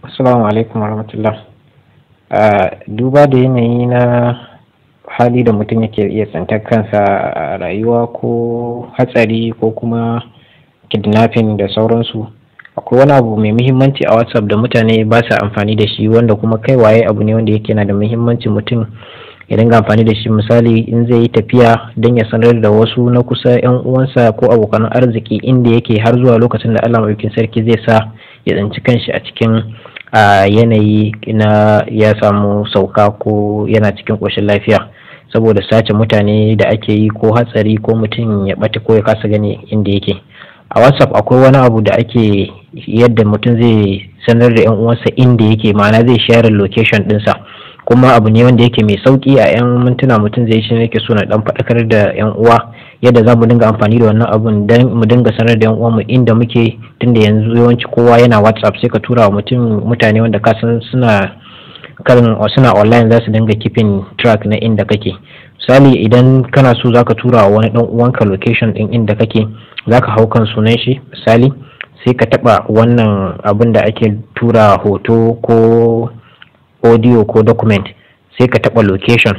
assalamu alaikum warahmatullah ah, duba da yanayi na hali da mutum yake iya tsantar kansa a rayuwa ko hatsari ko kuma kidnapping da sauransu akwai wani abu mai muhimmanci a whatsapp da mutane ba sa amfani da shi wanda kuma kai waye abu ne wanda yake na da muhimmanci mutum ya dinga amfani da shi misali in zai yi tafiya don ya sanar da wasu na kusa yan uwansa ko abokan arziki inda yake har zuwa lokacin da allah maɗaukin sarki zai sa ya tsinci kanshi a cikin yanayi na ya samu sauka ko yana cikin ƙoshin lafiya saboda sace mutane da ake yi ko hatsari ko mutum ya ɓata ko ya kasa gani inda yake a whatsapp akwai wani abu da ake yadda mutum zai sanar da 'yan uwansa inda yake ma'ana zai share location ɗinsa kuma abu ne wanda yake mai sauki a 'yan mintuna mutum zai shi yake so na dan faɗakar da 'yan uwa yadda za mu dinga amfani da wannan abun dan mu dinga sanar da 'yan uwa mu inda muke tunda yanzu yawanci kowa yana whatsapp sai ka tura wa mutum mutane wanda ka san suna karin suna online za su dinga keeping track na inda kake misali idan kana so zaka tura wa wani dan uwanka location din inda kake zaka hau kan sunan shi misali sai ka taba wannan abun da ake tura hoto ko audio ko document sai ka taba location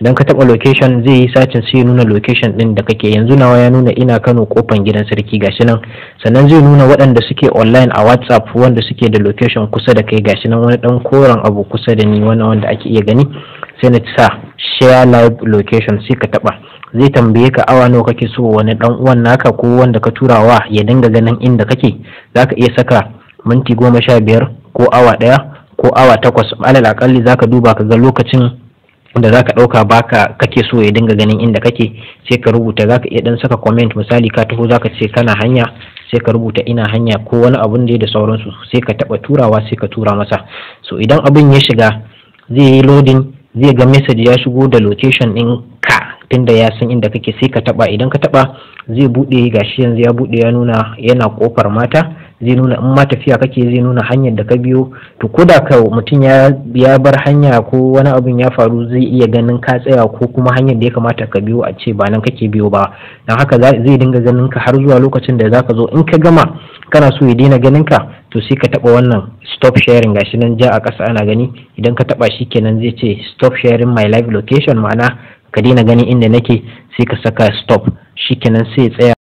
idan ka taba location zai yi sacin sai ya nuna location ɗin da kake yanzu nawa ya nuna ina kano kofan gidan sarki gashi nan sannan zai nuna waɗanda suke online a whatsapp wanda suke da location kusa da kai gashi nan wani ɗan koren abu kusa da ni wani wanda ake iya gani sai na sa share live location sai ka taba zai tambaye ka awa nawa kake so wani dan uwan naka ko wanda ka tura wa ya dinga ganin inda kake zaka iya saka minti goma sha biyar ko awa ɗaya ko awa takwas alal akalli ka duba ka ga lokacin da za ka ɗauka ka kake so ya dinga ganin inda kake sai ka rubuta za ka iya ɗan saka comment misali ka taho za ka ce kana hanya sai ka rubuta ina hanya ko wani abun da ya da sauransu sai ka taɓa turawa sai ka tura masa so idan abin ya shiga zai yi loading zai ga message ya shigo da location din ka tunda ya san inda kake sai ka taɓa idan ka taɓa zai buɗe gashi yanzu ya buɗe ya nuna yana kofar mata zai nuna in ma tafiya kake zai nuna hanyar da ka biyo to ko da ka mutum ya bar hanya ko wani abin ya faru zai iya ganin ka tsaya ko kuma hanyar da ya kamata ka biyo a ce ba nan kake biyo ba don haka zai dinga ganin ka har zuwa lokacin da zaka zo in ka gama kana so ya daina ganin ka to sai ka taba wannan stop sharing gashi nan ja a kasa ana gani idan ka taba shi kenan zai ce stop sharing my live location ma'ana ka daina ganin inda nake sai ka saka stop shi kenan sai tsaya